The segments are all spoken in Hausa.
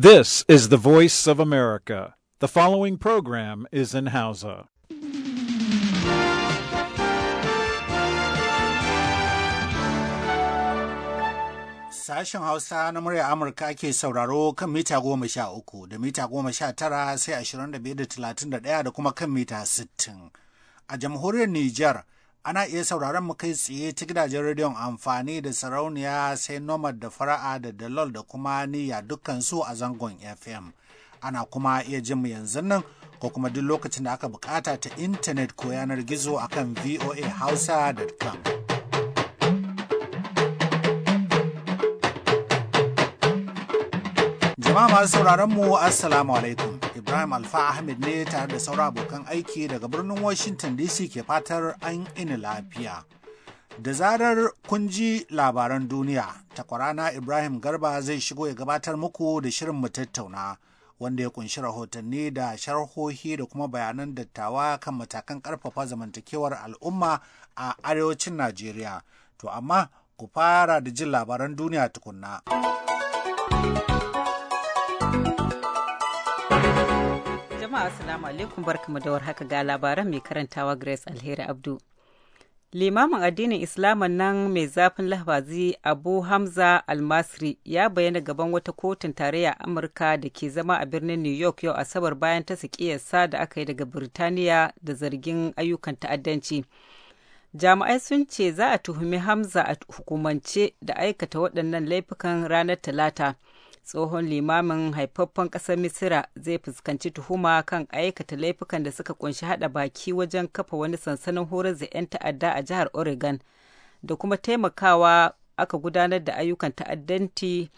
This is the voice of America. The following program is in Hausa. Sashen Hausa na murya Amurka ke sauraro kan mita goma sha uku da mita goma sha tara sai ashirin da biyar da talatin da ɗaya da kuma kan mita sittin. A jamhuriyar Nijar, ana iya sauraron mu kai tsaye ta gidajen rediyon amfani da sarauniya sai nomad da fara'a da dalol da kuma niyya dukkan a zangon fm ana kuma iya jin mu yanzu nan ko kuma duk lokacin da aka bukata ta intanet ko yanar gizo akan voahausa.com Jama'a masu sauraron mu Assalamu alaikum. Ibrahim Alfa Ahmed ne tare da sauran abokan aiki daga birnin Washington DC ke fatar an ini lafiya. Da zarar kun ji labaran duniya, takwarana Ibrahim Garba zai shigo ya gabatar muku da shirin mu tattauna wanda ya kunshi rahotanni da sharhohi da kuma bayanan dattawa kan matakan karfafa zamantakewar al'umma a arewacin Najeriya. To amma ku fara da jin labaran duniya tukunna. jama'a assalamu alaikum barkamu da warhaka ga labaran mai karantawa Grace Alheri Abdu. Limamin addinin islam nan mai zafin lahabazi Abu Hamza Almasri ya bayyana gaban wata kotun tarayya Amurka da ke zama a birnin New York yau Asabar bayan ta sa da aka yi daga Birtaniya da zargin ayyukan ta'addanci. Jami'ai sun ce za a tuhumi Hamza a hukumance da aikata waɗannan laifukan ranar Talata. tsohon limamin haifaffen ƙasar misira zai fuskanci tuhuma kan aikata laifukan da suka kunshi hada baki wajen kafa wani sansanin horar da 'yan ta'adda a jihar oregon da kuma taimakawa aka gudanar da ayyukan ta'addanci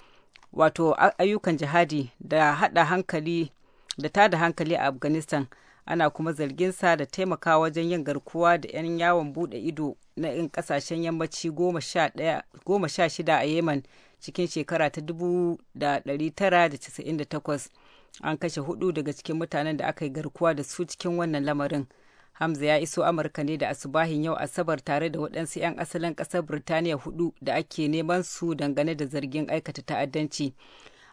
wato ayyukan jihadi da hada hankali da tada hankali a afghanistan ana kuma zarginsa da taimakawa wajen yin garkuwa da 'yan yawon bude ido na 'yan kasashen yammaci goma sha shida a yemen cikin shekara ta 1998 an kashe hudu daga cikin mutanen da aka yi garkuwa da su cikin wannan lamarin hamza ya iso amurka ne da asubahin yau asabar tare da waɗansu 'yan asalin ƙasar birtaniya hudu da ake neman su dangane da zargin aikata ta'addanci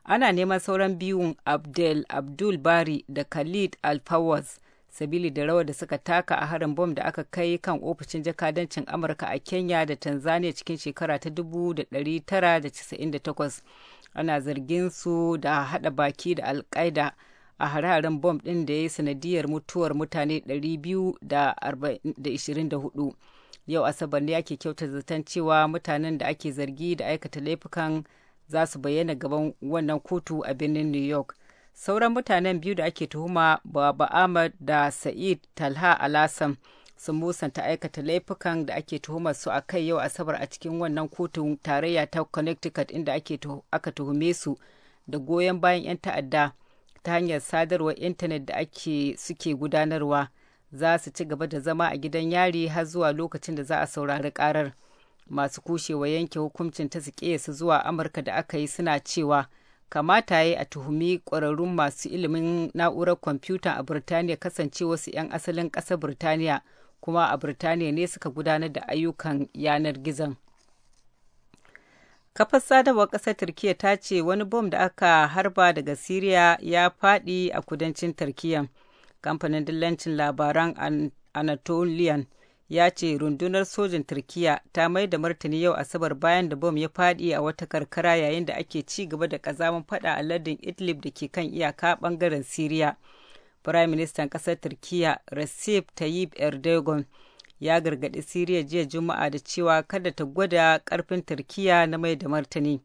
ana neman sauran biyun abdel abdul bari da khalid alfawaz sabili da rawar da suka taka a harin bom da aka kai kan ofishin jakadancin amurka a kenya da tanzania cikin shekara ta 1998 ana zargin su da hada baki da alkaida a hare-haren bom ɗin da ya yi sanadiyar mutuwar mutane 224 yau asabar ne ake kyauta zaton cewa mutanen da ake zargi da aikata laifukan za su bayyana gaban wannan kotu a birnin new york sauran mutanen biyu da ake tuhuma baba ahmad da sa'id talha alasan sun musanta aikata laifukan da ake tuhumar su a kai yau asabar a cikin wannan kotun tarayya ta connecticut inda aka tuhume su da goyon bayan 'yan ta'adda ta hanyar sadarwar intanet da ake suke gudanarwa za su ci gaba da zama a gidan yari har zuwa lokacin da za a saurari karar masu kushewa yanke hukuncin ta su zuwa amurka da aka yi suna cewa kamata ya a tuhumi ƙwararrun masu ilimin na'urar kwamfuta a Birtaniya kasance wasu 'yan asalin ƙasar Birtaniya kuma a Birtaniya ne suka gudanar da ayyukan yanar gizon. Kafar sadarwar ƙasar Turkiyya ta ce wani bom da aka harba daga Siriya ya faɗi a kudancin Turkiyya. Kamfanin dillancin labaran Anatolian ya ce rundunar sojin turkiya ta mai da martani yau asabar bayan da bom ya fadi a wata karkara yayin da ake ci gaba da kazamin fada a ladin idlib da ke kan iyaka bangaren siriya firayim ministan Kasar turkiya recep tayyip erdogan ya gargadi siriya jiya juma'a da cewa kada ta gwada karfin turkiya na mai da martani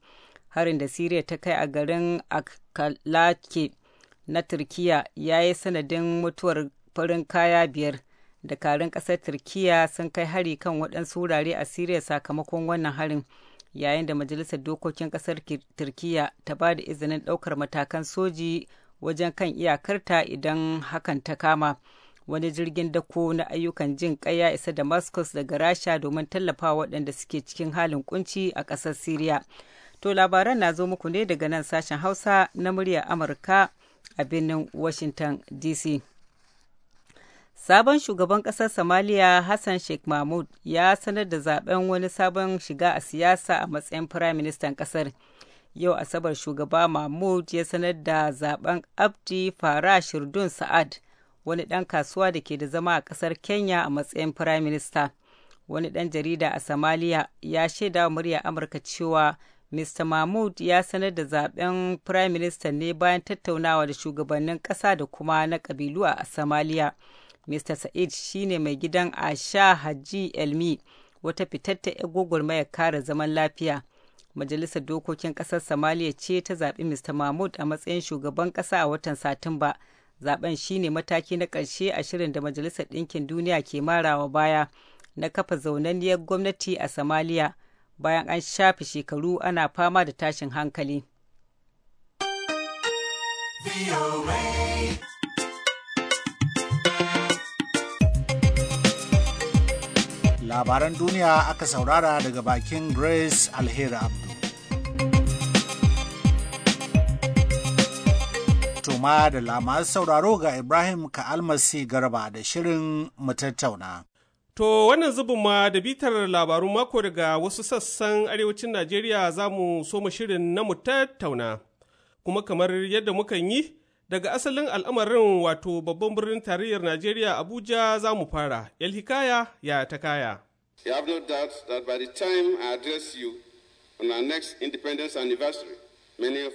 harin da siriya ta kai a garin akalake na turkiya ya yi sanadin mutuwar farin kaya biyar dakarun ƙasar turkiya sun kai hari kan waɗansu wurare a siriya sakamakon wannan harin yayin da majalisar dokokin ƙasar turkiya ta ba da izinin ɗaukar matakan soji wajen kan iyakarta idan hakan ta kama wani jirgin dako na ayyukan jin ya isa damascus daga rasha domin tallafa waɗanda suke cikin halin kunci a ƙasar siriya to labaran na zo muku ne daga nan sashen hausa na murya amurka a birnin washington dc Sabon shugaban ƙasar Somalia Hassan Sheikh Mahmud ya sanar da zaben wani sabon shiga a siyasa a matsayin firaministan ƙasar. Yau Asabar shugaba Mahmud ya sanar da zaben Abdi Farah Shirdun Sa'ad, wani ɗan kasuwa da ke da zama a ƙasar Kenya a matsayin firaminista. Wani ɗan jarida a Somalia ya shaida murya Amurka cewa Mr. Mahmud ya sanar da zaben firaminista ne bayan tattaunawa da shugabannin ƙasa da kuma na ƙabilu a Somalia. Mr. Said shine mai gidan Asha Haji Elmi, wata fitatta 'yar gwagwarmayar kare zaman lafiya. Majalisar Dokokin Ƙasar Somalia ce ta zaɓi Mr. Mahmud a matsayin shugaban ƙasa a watan Satumba. Zaben ne mataki na ƙarshe a shirin da Majalisar Ɗinkin Duniya ke marawa baya na kafa zaunanniyar gwamnati a Somalia bayan an shafe shekaru ana fama da tashin hankali. labaran duniya aka saurara daga bakin grace alheri abdu tuma da lama sauraro ga ibrahim ka almasi garba da shirin matattauna To wannan zubin ma da bitar labarun mako daga wasu sassan arewacin Najeriya za mu so mu shirin na mu tattauna, kuma kamar yadda mukan yi Daga asalin al'amarin wato babban birnin tarayyar Najeriya Abuja za mu fara, Hikaya ya ta kaya. You have by the time I address you next independence anniversary, many of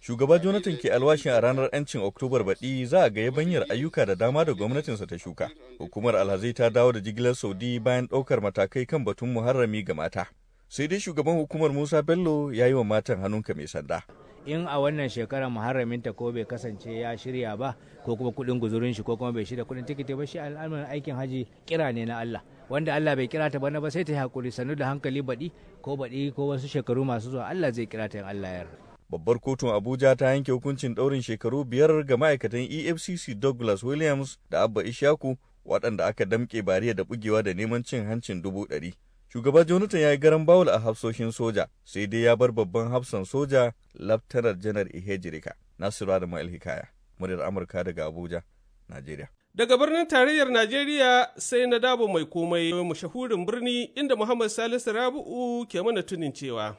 Shugaba Jonathan ke alwashin a ranar 'yancin Oktobar baɗi za a ga yabanyar ayyuka da dama da gwamnatinsa ta shuka. Hukumar alhazai ta dawo da jigilar Saudi bayan ɗaukar matakai kan batun muharrami ga mata. Sai dai shugaban hukumar Musa Bello ya yi wa matan hannunka mai sanda. in a wannan shekarar muharramin ta ko bai kasance ya shirya ba ko kuma kudin guzurin shi ko kuma bai shirya kudin tikiti ba shi al'amarin aikin haji kira ne na Allah wanda Allah bai kira ta bana ba sai ta hakuri sannu da hankali baɗi ko baɗi ko wasu shekaru masu zuwa Allah zai kira ta in Allah ya Babbar kotun Abuja ta yanke hukuncin ɗaurin shekaru biyar ga ma'aikatan EFCC Douglas Williams da Abba Ishaku waɗanda aka damƙe bariya da bugewa da neman cin hancin dubu ɗari. Shugaba Jonathan ya yi garan bawul a hafsoshin soja, sai dai ya bar babban hafsan soja Laftanar Janar Ihejirika, Nasiru Adamu Hikaya, muryar Amurka daga Abuja, Najeriya. Daga birnin tarayyar Najeriya sai na dabo mai komai mashahurin birni inda Muhammad Salisu Rabu'u ke mana tunin cewa.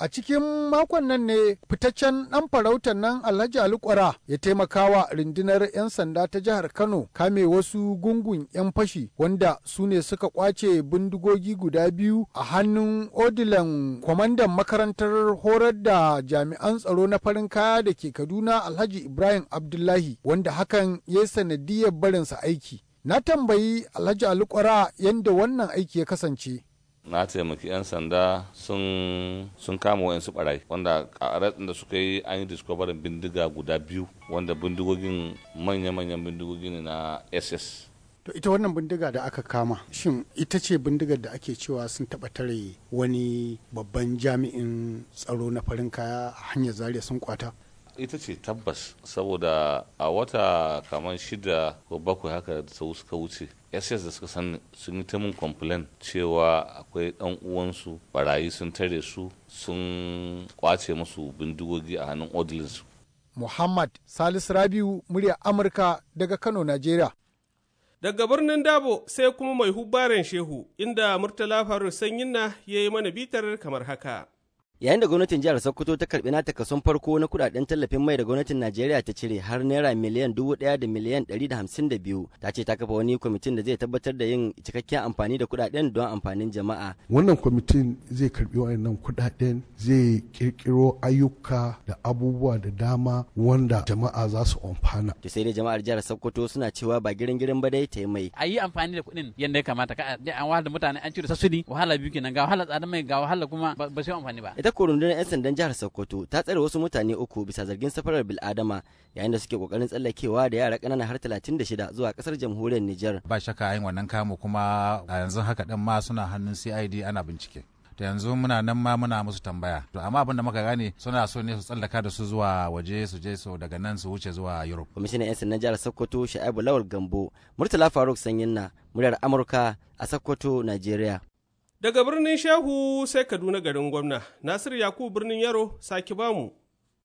A cikin makon nan ne fitaccen ɗan farautar nan Alhaji Alukwara ya taimakawa rundunar 'yan sanda ta jihar Kano kame wasu gungun 'yan fashi wanda su ne suka kwace bindigogi guda biyu a hannun odilan kwamandan makarantar horar da jami'an tsaro na farin kaya da ke Kaduna Alhaji Ibrahim Abdullahi wanda hakan ya sanadiyar barinsa aiki. Na tambayi Alhaji Alukwara yadda wannan aiki ya kasance. na taimaki 'yan sanda sun kama wa'yansu barai wanda a da suka yi an yi diskobarin bindiga guda biyu wanda bindigogin manya-manyan bindigogi ne na ss to ita wannan bindiga da aka kama shin ita ce bindigar da ake cewa sun taɓa tare wani babban jami'in tsaro na farin kaya a hanyar zariya sun kwata ita ce tabbas saboda a wata kamar shida ko bakwai haka da suka wuce ss da suka sani sun yi ta mun complain cewa akwai dan uwansu barayi sun tare su sun kwace musu bindigogi a hannun odilinsu muhammad salis rabiu murya amurka daga kano nigeria daga birnin dabo sai kuma mai hubbaren shehu inda murtala faru sanyinna ya yi mana bitar kamar haka yayin da gwamnatin jihar sokoto ta karbi nata kason farko na kudaden tallafin mai da gwamnatin najeriya ta cire har naira miliyan dubu daya da miliyan dari da hamsin da biyu ta ce ta kafa wani kwamitin da zai tabbatar da yin cikakken amfani da kudaden don amfanin jama'a wannan kwamitin zai karbi wayannan kudaden zai kirkiro ayyuka da abubuwa da dama wanda jama'a za su amfana to sai dai jama'ar jihar sokoto suna cewa ba girin girin ba dai ta yi mai a yi amfani da kuɗin yadda ya kamata ka an wahala mutane an cire sassudi wahala biyu kenan ga wahala tsadan mai ga wahala kuma ba su amfani ba ita rundunar 'yan sandan jihar sokoto ta tsare wasu mutane uku bisa zargin safarar bil'adama yayin da suke kokarin tsallakewa da yara ƙanana har 36 zuwa kasar jamhuriyar nijar ba shakka yin wannan kamo kuma a yanzu haka din ma suna hannun cid ana bincike to yanzu muna nan ma muna musu tambaya to amma abin da muka gane suna so ne su tsallaka da su zuwa waje su je su daga nan su wuce zuwa europe kwamishinan 'yan sandan jihar sokoto sha'ibu lawal gambo murtala faruk sanyin na muryar amurka a sokoto nigeria Daga birnin Shehu sai Kaduna garin gwamna, Nasiru Yakubu birnin Yaro, sake bamu.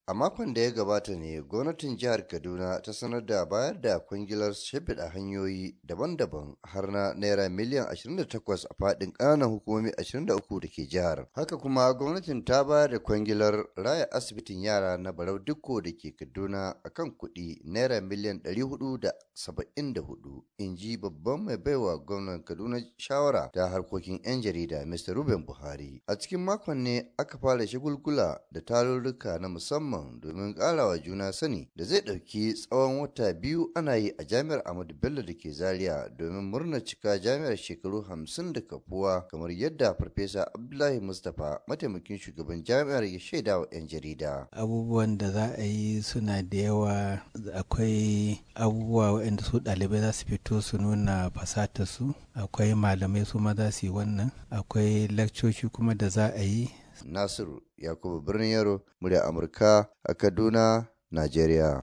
A makon da ya gabata ne gwamnatin jihar Kaduna ta sanar da bayar da kwangilar shimfiɗa hanyoyi daban-daban har na naira miliyan 28 a faɗin ƙananan hukumomi 23 da ke jihar. Haka kuma gwamnatin ta bayar da kwangilar raya asibitin yara na Barau dukko da ke Kaduna a kan kuɗi naira miliyan 474 in ji babban mai baiwa gwamnan Kaduna shawara ta harkokin 'yan jarida Mr. Ruben Buhari. A cikin makon ne aka fara shagulgula da tarurruka na musamman musamman domin wa juna sani da zai ɗauki tsawon wata biyu ana yi a jami'ar Ahmadu Bello da ke Zaria domin murna cika jami'ar shekaru hamsin da kafuwa kamar yadda Farfesa Abdullahi Mustapha mataimakin shugaban jami'ar ya shaida wa 'yan jarida. Abubuwan da za a yi suna da yawa akwai abubuwa waɗanda su ɗalibai za su fito su nuna fasatar su akwai malamai su ma za su yi wannan akwai lakcoci kuma da za a yi Nasiru Yakubu Birnin Yaro, murya Amurka a Kaduna, Najeriya.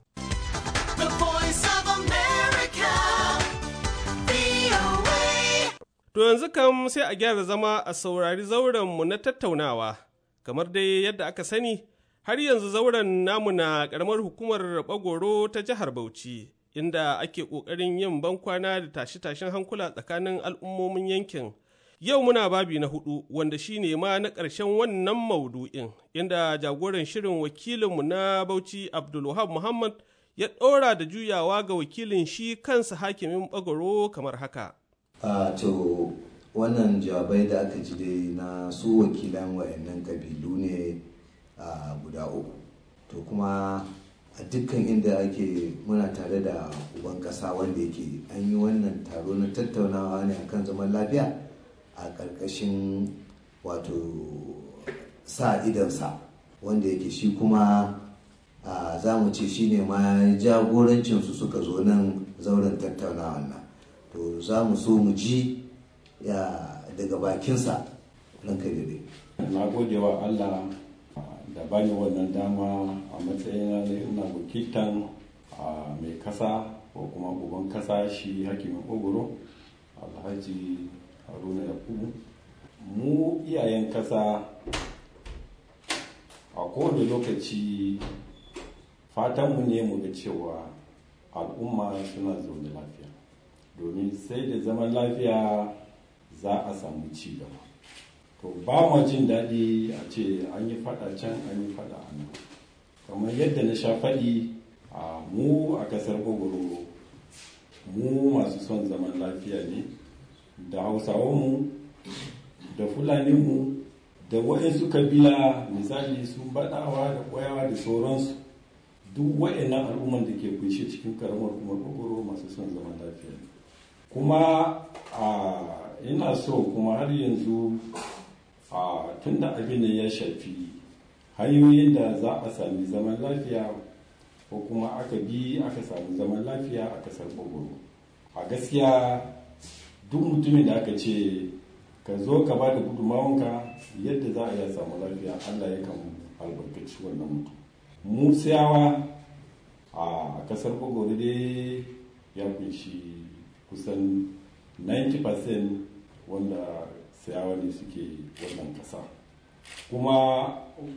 To yanzu kam sai a gyara zama a saurari mu na tattaunawa, kamar dai yadda aka sani, har yanzu zauren namu na ƙaramar hukumar Bagoro ta jihar Bauchi, inda ake ƙoƙarin yin bankwana da tashe-tashen hankula tsakanin al'ummomin yankin. Yau muna babi na hudu wanda shi ne ma na ƙarshen wannan maudu'in inda jagoran shirin wakilinmu na Bauchi Abdulwahab Muhammad ya ɗora da juyawa ga wakilin shi kansa hakimin bagaro kamar haka. A to wannan jawabai da aka ji dai na su wakilan wayannan kabilu ne a guda uku. To kuma a dukkan inda ake muna tare da uban ƙasa wanda yake an yi wannan taro na tattaunawa ne kan zaman lafiya. a ƙarƙashin wato sa idansa wanda yake shi kuma za mu ce shi ne ma jagorancinsu suka zo nan zauren tattaunawan nan to za mu so mu ji daga bakinsa ranka dai. na goge wa allah da bani wannan dama a matsayin na ina a mai kasa ko kuma uban kasa shi hakimin ogoro alhaji haruna kudu mu iyayen kasa a kowane lokaci fatan mu ne mu ga cewa al'umma suna zaune lafiya domin sai da zaman lafiya za a samu ci gaba to ba mu jin daɗi a ce an yi faɗa can an yi faɗa a nan kamar yadda na sha faɗi a mu a ƙasar gogoro mu masu son zaman lafiya ne da hausawanmu da fulaninmu da waɗansu kabila misali sun baɗawa da ƙwayawa da sauransu duk waɗannan al'ummar da ke kunshe cikin karamar kuma kogoro masu son zaman lafiya kuma a ina so kuma har yanzu a tun da abin da ya shafi hanyoyin da za a sami zaman lafiya ko kuma aka bi aka sami zaman lafiya a ƙasar kokoro a gaskiya duk mutumin da aka ce ka zo ka ba da gudunmawanka yadda za a iya samu lafiya allah ya kan albarkaci wannan mutum musayawa a kasar kogoro dai ya kunshi kusan 90% wanda sayawa ne suke wannan kasa kuma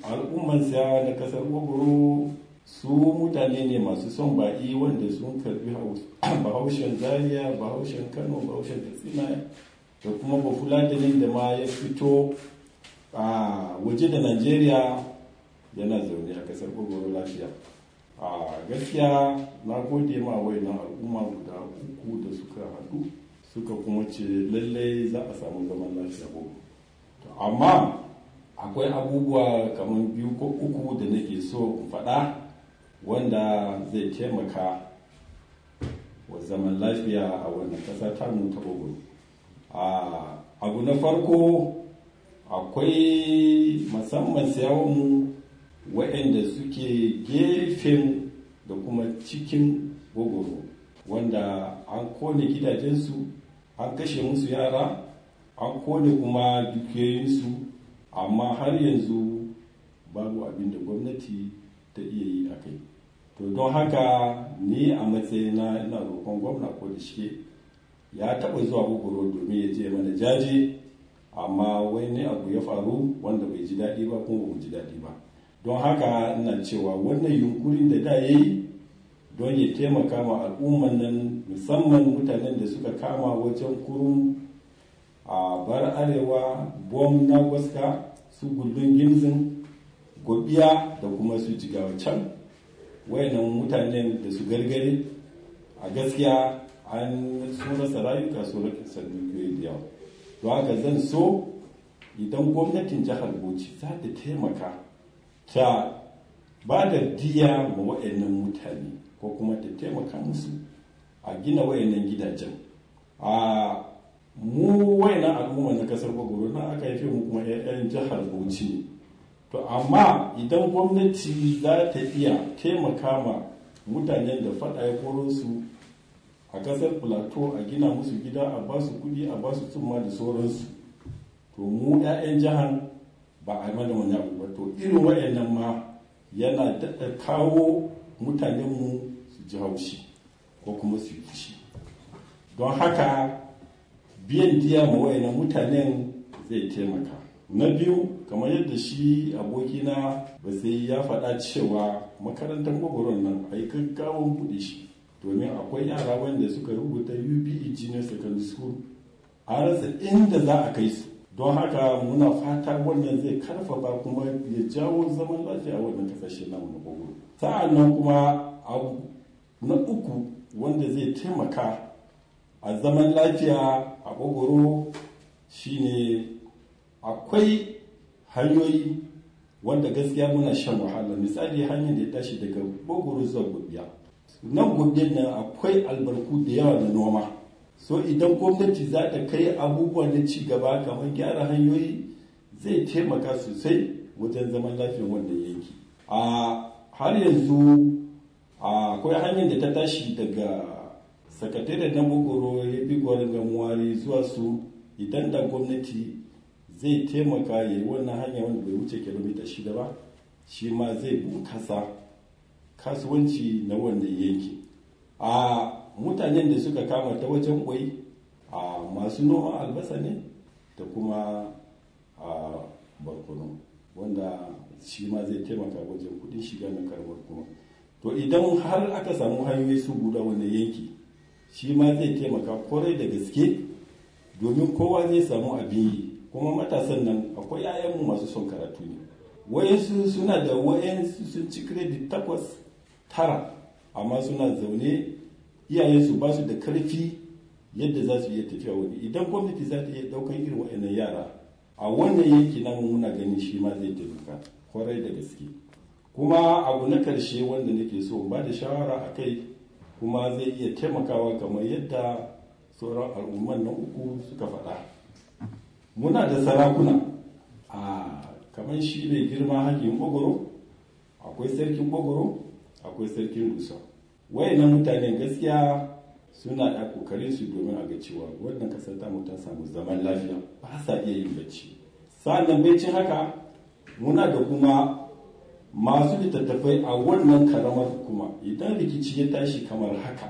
al'umman sayawa na kasar kogoro su mutane ne masu son baƙi wanda sun karbi bahaushen zaria bahaushen kano bahaushen katsina da kuma bafulatanin da ma ya fito a waje da najeriya yana zaune a kasar gwagwaro lafiya a gaskiya na gode ma wayannan al'umma guda uku da suka haɗu suka kuma ce lallai za a samu zaman lafiya gobe amma akwai abubuwa kamar biyu ko uku da nake so in faɗa wanda zai taimaka wa zaman lafiya a wannan ƙasa ta mu ta ogun abu na farko akwai musamman mu waɗanda suke gefen da kuma cikin gogoro wanda an kone gidajensu an kashe musu yara an kone kuma dukiyoyinsu amma har yanzu babu abin da gwamnati ta iya yi a kai to don haka ni a matsayina ina roƙon gwamna ko da shi ya taɓa zuwa bukuru domin ya je mana jaji amma wai ne abu ya faru wanda bai ji daɗi ba kuma ba ji daɗi ba don haka ina cewa wannan yunkurin da da ya yi don ya taimaka ma al'umman nan musamman mutanen da suka kama wajen kurum a bar arewa bom na gwaska su gundun gimzin gobiya da kuma su jigawa can wayannan mutanen da su gargare a gaskiya an sunarsa ka su rasa dukiyoyi da yawa to haka zan so idan gwamnatin jihar bauchi za ta taimaka ta ba da diya ma wayannan mutane ko kuma ta taimaka musu a gina wayannan gidajen a mu wayannan al'umma na kasar bagoro na aka haife mu kuma 'ya'yan jihar bauchi ne to amma idan gwamnati za ta iya taimaka ma mutanen da faɗa ya su a ƙasar plateau a gina musu gida a ba su kuɗi a ba su tsumma da sauransu to mu 'ya'yan jihar ba a mana wani abu ba to irin wayannan ma yana daɗa kawo mutanenmu su ji haushi ko kuma su yi fushi don haka biyan diya ma wayannan mutanen zai taimaka na biyu kamar yadda shi abokina ba sai ya faɗa cewa makarantar gwagwaron nan a yi gaggawon buɗe shi domin akwai yara wanda suka rubuta UPE Junior Secondary School a rasa inda za a kai su don haka muna fata wannan zai karfafa kuma ya jawo zaman lafiya wannan kasashe na wani gwagwaro sa'an nan kuma abu na uku wanda zai taimaka a zaman lafiya a kogoro shine akwai hanyoyi wanda gaskiya muna shan wahala misali hanyar da ya tashi daga bogoro zuwa gobiya nan gobiyar nan akwai albarku da yawa da noma so idan gwamnati za ta kai abubuwa na ci gaba kamar gyara hanyoyi zai taimaka sosai wajen zaman lafiyar wanda yanki a har yanzu akwai hanyar da ta tashi daga sakatare na bogoro ya bi gwarin gamuwari zuwa su idan da gwamnati zai taimaka ya yi wannan hanya wanda bai wuce kilomita shida ba shi ma zai bunkasa kasuwanci na wannan yanki a mutanen da suka kama ta wajen kwai a masu noma albasa ne da kuma a barkono wanda shi ma zai taimaka wajen kudin shiga na karbar kuma to idan har aka samu hanyoyi su guda wannan yanki shi ma zai taimaka kwarai da gaske domin kowa zai samu abin yi kuma matasan nan akwai 'ya'yanmu masu son karatu ne wayansu suna da wayansu sun ci kiredit takwas tara amma suna zaune iyayensu ba su da karfi yadda za su iya tafiya wani idan gwamnati za ta iya daukan irin wayannan yara a wannan yanki nan muna ganin shi ma zai taimaka kwarai da gaske kuma abu na karshe wanda nake so ba da shawara a kai kuma zai iya taimakawa kamar yadda sauran al'umman na uku suka faɗa muna da sarakuna a kamar shi ne girma hakin bogoro akwai sarkin bogoro akwai sarkin rusa wayannan mutane gaskiya suna da kokarin su domin a ga cewa wannan kasar ta ta samu zaman lafiya ba sa iya yin bacci sa'annan baicin haka muna da kuma masu littattafai a wannan karamar hukuma idan rikici ya tashi kamar haka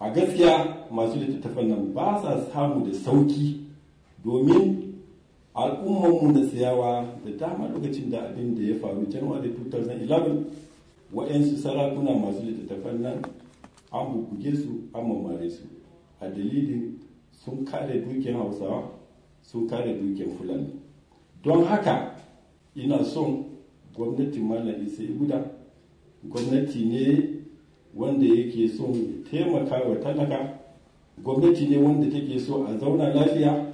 a gaskiya masu littattafan nan ba sa samu da sauki domin mu na siyawa da dama lokacin da abin da ya faru january 2011 waɗansu sarakuna masu littattafan nan an bukuge su an mamare su a dalilin sun kare dukiyar hausawa sun kare dukiyar fulani don haka ina son gwamnatin malam isa guda gwamnati ne wanda yake son taimaka wa talaka gwamnati ne wanda take so a zauna lafiya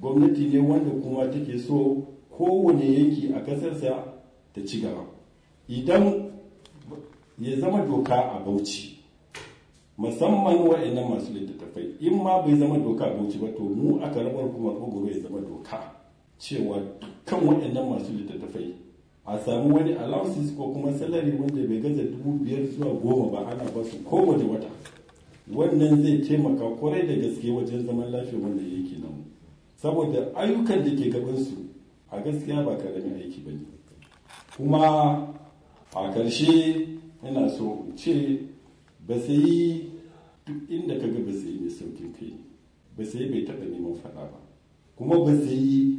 gwamnati ne wanda kuma take so kowane yanki a kasarsa ta ci gaba idan ya zama doka a bauchi musamman wa'annan masu littattafai in ma bai zama doka a bauchi ba to mu a karamar hukumar gobe ya zama doka cewa dukkan wa'annan masu littattafai a sami wani allowances ko kuma salari wanda bai gaza dubu biyar zuwa goma ba ana ba su kowane wata wannan zai taimaka kwarai da gaske wajen zaman lafiya wanda yake nan saboda ayyukan da ke gabansu a gaskiya ba karamin aiki ba ne kuma a ƙarshe yana so ce ba sai yi duk inda ka ga ba sai mai saukin kai ba sai bai taɓa neman faɗa ba kuma ba sai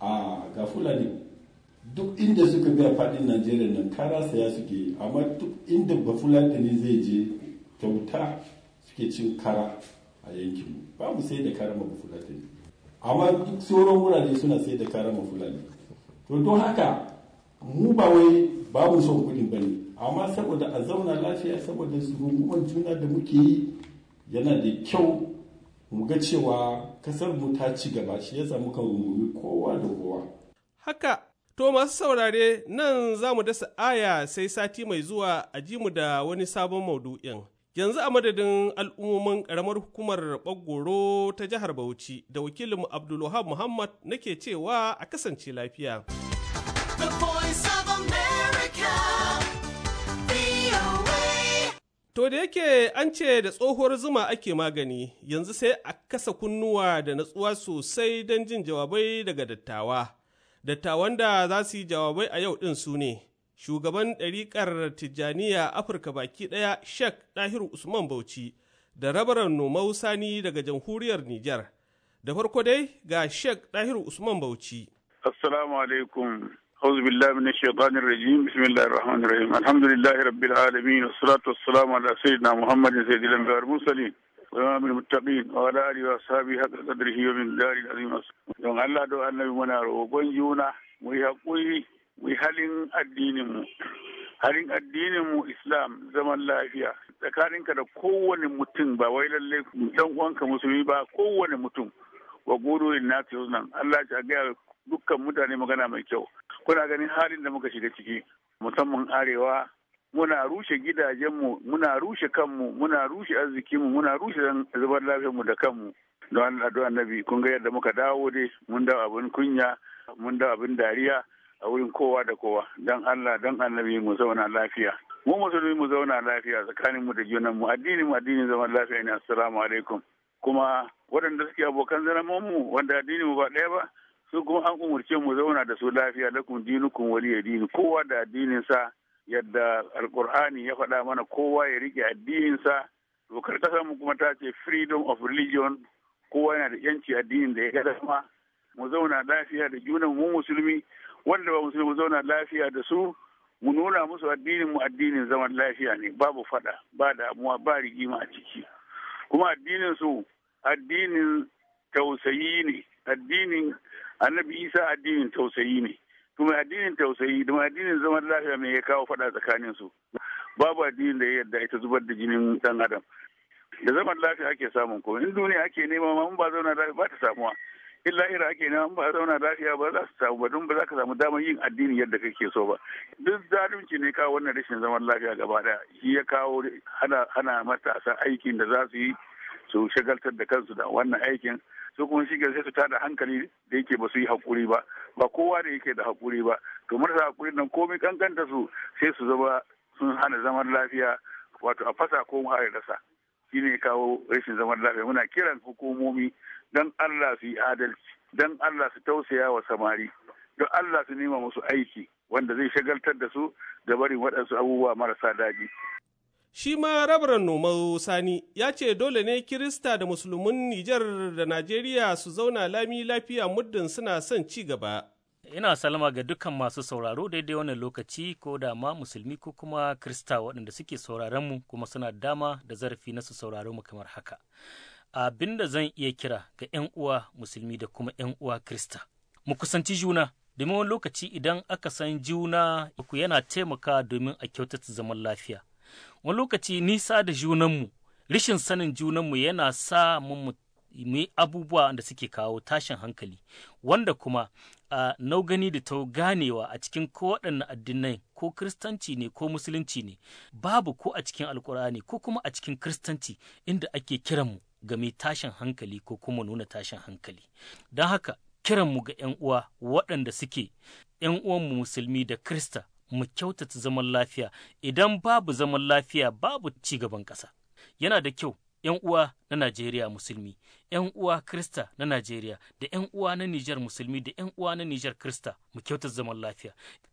a ga fulani duk inda suka biya faɗin najeriya nan kara saya suke amma duk inda ba fulani zai je kyauta suke cin kara a yankinmu ba mu sai da kara ma ba fulani amma duk sauran wurare suna sai da karama fulani to don haka mu ba wai babu son kudin ne amma saboda a zauna lafiya saboda surunguman juna da muke yi yana da kyau mu ga cewa kasar mu ta ci gaba shi yasa muka rumuni kowa da kowa haka to masu saurare nan za mu dasa aya sai sati mai zuwa a ji mu da wani sabon maudu'in Yanzu a madadin al'ummomin ƙaramar hukumar Ɓaggoro ta jihar Bauchi da wakilin Abdulwahab Muhammad nake cewa a kasance lafiya. To da yake an ce da tsohuwar zuma ake magani, yanzu sai a kasa kunnuwa da natsuwa sosai don jin jawabai daga dattawa. Dattawan da za su yi jawabai a yau ɗin su ne. shugaban ɗariƙar tijjaniya afirka baki ɗaya shek ɗahiru usman bauchi da rabaran nomau sani daga jamhuriyar nijar da farko dai ga shek ɗahiru usman bauchi. assalamu alaikum hausu bin lamin na shekwanin rajim bismillah rahman rahim alhamdulillah rabbi al'adami na surat wa da sai na muhammadin sai dila biyar wani ma bin mutaɓi a wani ariwa haka da shi yau min da don allah don annabi muna rogon juna mu yi haƙuri mu halin addininmu halin addininmu islam zaman lafiya tsakaninka da kowane mutum ba wai lalle dan uwanka musulmi ba kowane mutum wa gudu nasi nan. Allah ya ga dukkan mutane magana mai kyau kuna ganin halin da muka shiga ciki musamman arewa muna rushe gidajenmu muna rushe kanmu muna rushe arzikinmu muna rushe zubar lafiyarmu da kanmu don Allah annabi kun ga yadda muka dawo dai mun dawo abin kunya mun dawo abin dariya a wurin kowa da kowa don Allah don annabi mu zauna lafiya mu musulmi mu zauna lafiya tsakanin mu da junan mu addinin mu zaman lafiya ne assalamu alaikum kuma waɗanda suke abokan zaman mu wanda addinin mu ba ɗaya ba su kuma an umurce mu zauna da su lafiya lakum dinukum waliya dini kowa da addinin sa yadda alkur'ani ya faɗa mana kowa ya rike addinin sa dokar kasar mu kuma ta ce freedom of religion kowa yana da yanci addinin da ya ga dama mu zauna lafiya da junan mu musulmi wanda ba musulmi zauna lafiya da su mu nuna musu addinin mu addinin zaman lafiya ne babu fada ba damuwa ba rigima a ciki kuma addinin su addinin tausayi ne addinin annabi isa addinin tausayi ne kuma addinin tausayi da addinin zaman lafiya mai ya kawo fada tsakanin su babu addinin da ya yarda ita zubar da jinin dan adam da zaman lafiya ake samun ko in duniya ake nema ma ba zauna lafiya ba ta samuwa illa ira ake na ba a zauna lafiya ba za su samu ba don ba za ka samu damar yin addini yadda kake so ba duk zalunci ne kawo wannan rashin zaman lafiya gaba daya shi ya kawo hana matasa aikin da za su yi su shagaltar da kansu da wannan aikin su kuma shi sai su tada hankali da yake ba su yi hakuri ba ba kowa da yake da hakuri ba to marasa hakuri nan komai kankanta su sai su zama sun hana zaman lafiya wato a fasa ko ma rasa ya kawo rashin zaman lafiya muna kiran hukumomi don Allah su yi adalci don Allah su tausaya wa samari don Allah su nema musu aiki wanda zai shagaltar da su da barin waɗansu abubuwa marasa daji. Shi ma rabaran nomau Sani ya ce dole ne Kirista da Musulmin Nijar da Najeriya su zauna lami lafiya muddin suna son ci gaba. Ina salama ga dukkan masu sauraro daidai wannan lokaci ko da ma musulmi ko kuma krista waɗanda suke sauraron mu kuma suna dama da zarafi na su sauraro mu kamar haka. Abin da zan iya kira ga 'yan uwa musulmi da kuma 'yan uwa krista. Mu kusanci juna, domin wani lokaci idan aka san juna ku yana taimaka domin a kyautata zaman lafiya. Wani lokaci nisa da junanmu, rashin sanin junanmu yana sa mu yi abubuwa da suke kawo tashin hankali, wanda kuma a naugani da ta ganewa a cikin ko waɗannan addinai ko kristanci ne ko musulunci ne babu ko a cikin alkur'ani ko kuma a cikin kristanci inda ake kiranmu game tashin hankali ko kuma nuna tashin hankali don haka kiranmu ga 'yan uwa waɗanda suke 'yan uwanmu musulmi da krista mu kyautata zaman lafiya idan babu zaman lafiya babu ci gaban ƙasa yana da kyau 'yan uwa na Najeriya musulmi, 'yan uwa Krista na Najeriya, da 'yan uwa na Nijar musulmi, da 'yan uwa na Nijar Krista, mu kyauta zaman lafiya.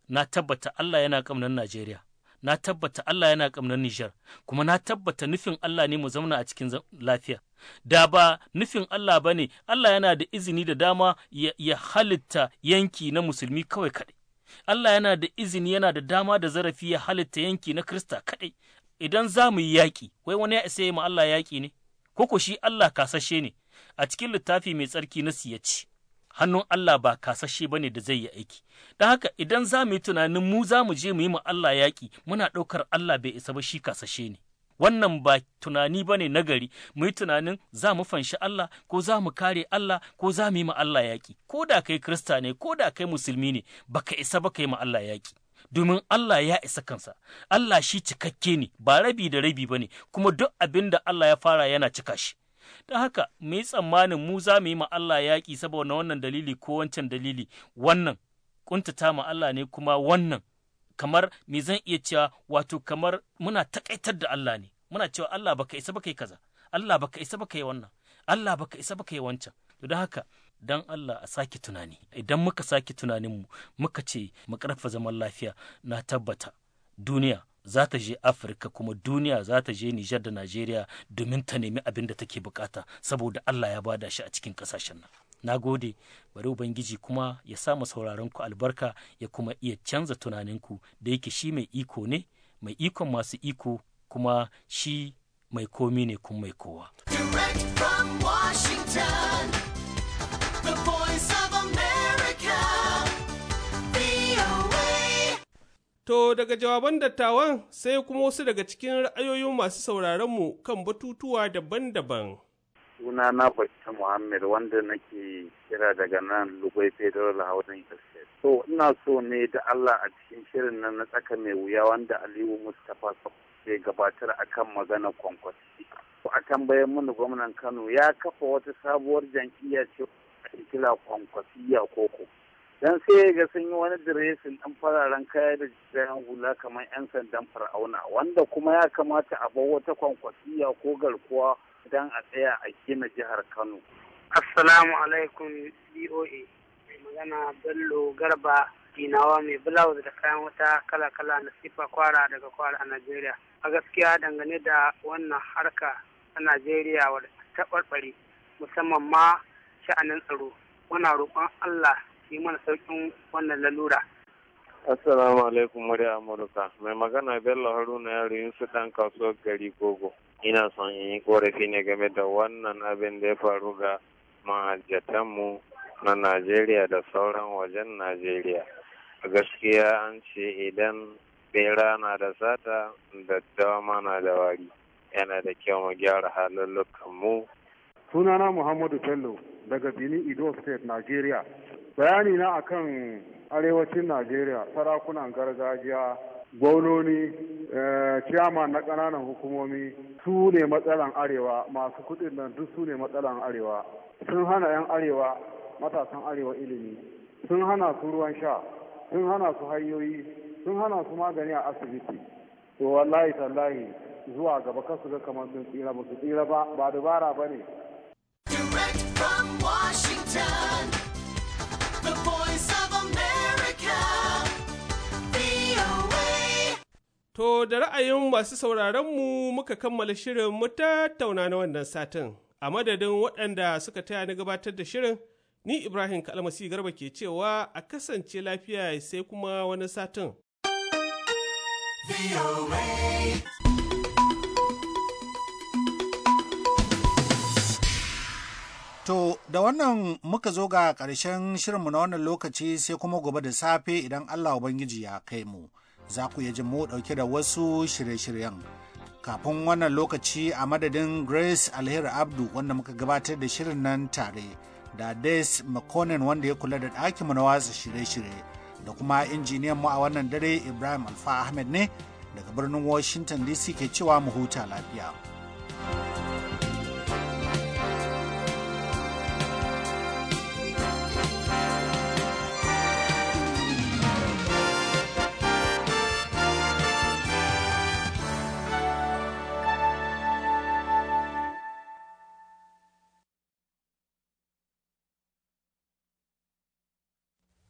Na tabbata Allah yana ƙamnan Najeriya, na tabbata Allah yana ƙamnan Nijar, kuma na tabbata nufin Allah ne mu zauna a cikin lafiya. Da ba nufin Allah ba ne, Allah yana da izini da dama ya, ya halitta yanki na musulmi kawai kaɗai. Allah yana da izini yana da dama da zarafi ya halitta yanki na Krista kaɗai, idan za mu yi yaƙi, wai wani ya isa yi Allah yaƙi ne, ko shi Allah kasashe ne, a cikin littafi mai tsarki na siyaci ce, hannun Allah ba kasashe ba ne da zai yi aiki. Don haka idan za mu yi tunanin mu za mu je mu yi ma Allah yaƙi, muna ɗaukar Allah bai isa ba shi kasashe ne. Wannan ba tunani ba ne nagari, mu yi tunanin za mu fanshi Allah, ko za mu kare Allah, ko za mu yi ma Allah yaƙi. Ko da kai Kirista ne, ko da kai Musulmi ne, baka isa ba ka yi ma Allah yaƙi. domin Allah ya isa kansa Allah shi cikakke ne ba rabi da rabi ba ne kuma duk abin da Allah ya fara yana cika shi don haka muyi tsammanin mu za mu yi ma Allah yaƙi saboda wannan dalili ko wancan dalili wannan kuntata ma Allah ne kuma wannan kamar me zan iya cewa wato kamar muna taƙaitar da Allah ne muna cewa Allah baka isa baka yi kaza Allah baka isa baka yi wannan Allah baka isa baka yi wancan don haka don Allah a sake tunani idan muka sake tunaninmu muka ce mu karfa zaman lafiya na tabbata duniya za ta je afirka kuma duniya za ta je nijar da najeriya domin ta nemi abin da take bukata saboda allah ya bada shi a cikin kasashen nan na gode bari ubangiji kuma ya sa sauraron ku albarka ya kuma iya canza tunaninku da yake shi mai iko ne mai ikon masu iko kuma shi mai komi ne kuma mai kowa To daga jawaban dattawan sai kuma wasu daga cikin ra'ayoyin masu sauraronmu kan batutuwa daban-daban. Suna na Bacci Muhammad wanda nake kira daga nan Lugwai Federal Housing Estate. So ina so ne da Allah a cikin shirin nan na tsaka mai wuya wanda Aliyu Mustapha ke gabatar akan magana kwankwasi. A tambayar mana gwamnan Kano ya kafa wata sabuwar jam'iyya ce Kwankwasi kwankwasiya koko. dan sai ga sun yi wani diresin ɗan fararen kaya da jiran hula kamar 'yan sandan fir'auna wanda kuma ya kamata a bar wata kwankwasiya ko garkuwa dan a tsaya a gina jihar kano assalamu alaikum boa mai magana bello garba dinawa mai blouse da kayan wata kala-kala na sifa kwara daga kwara a najeriya a gaskiya dangane da wannan harka a najeriya wadda ta musamman ma sha'anin tsaro muna roƙon allah yi mana saukin wannan lalura. Assalamu alaikum murya Amurka. Mai magana Bello Haruna ya riyin su ɗan kasuwar gari Gogo. Ina son in yi korafi ne game da wannan abin da ya faru ga mahajjatanmu na Najeriya da sauran wajen Najeriya. A gaskiya an ce idan bera na da sata da dama na da wari. Yana da kyau mu gyara halin mu. Sunana Muhammadu Bello daga Benin Edo State, Najeriya. bayani na akan arewacin najeriya sarakunan gargajiya gwamnoni eh, ciyama na ƙananan hukumomi su ne matsalan arewa masu kuɗin nan duk su ne matsalan arewa sun hana 'yan arewa matasan arewa ilimi sun hana su ruwan sha sun hana su hanyoyi sun hana su magani a asibiti to wallahi tallahi zuwa gaba kasu ga kamar sun tsira ba su tsira ba ba dubara ba ne To da ra'ayin masu sauraronmu muka kammala shirin mu tattauna na wannan satin. A madadin waɗanda suka taya ni gabatar da shirin, ni Ibrahim Kalmasi Garba ke cewa a kasance lafiya sai kuma wani satin. To, da wannan muka zo ga ƙarshen shirinmu na wannan lokaci sai kuma gobe da safe idan Allah Ubangiji ya kai mu. za ku iya jin mu ɗauke da wasu shirye-shiryen. Kafin wannan lokaci a madadin Grace Alheri Abdu wanda muka gabatar da shirin nan tare da Des McConan wanda ya kula da ɗakinmu na watsa shirye-shirye da kuma injiniyan mu a wannan dare Ibrahim Alfa Ahmed ne daga birnin Washington DC ke cewa mu huta lafiya.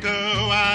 go out.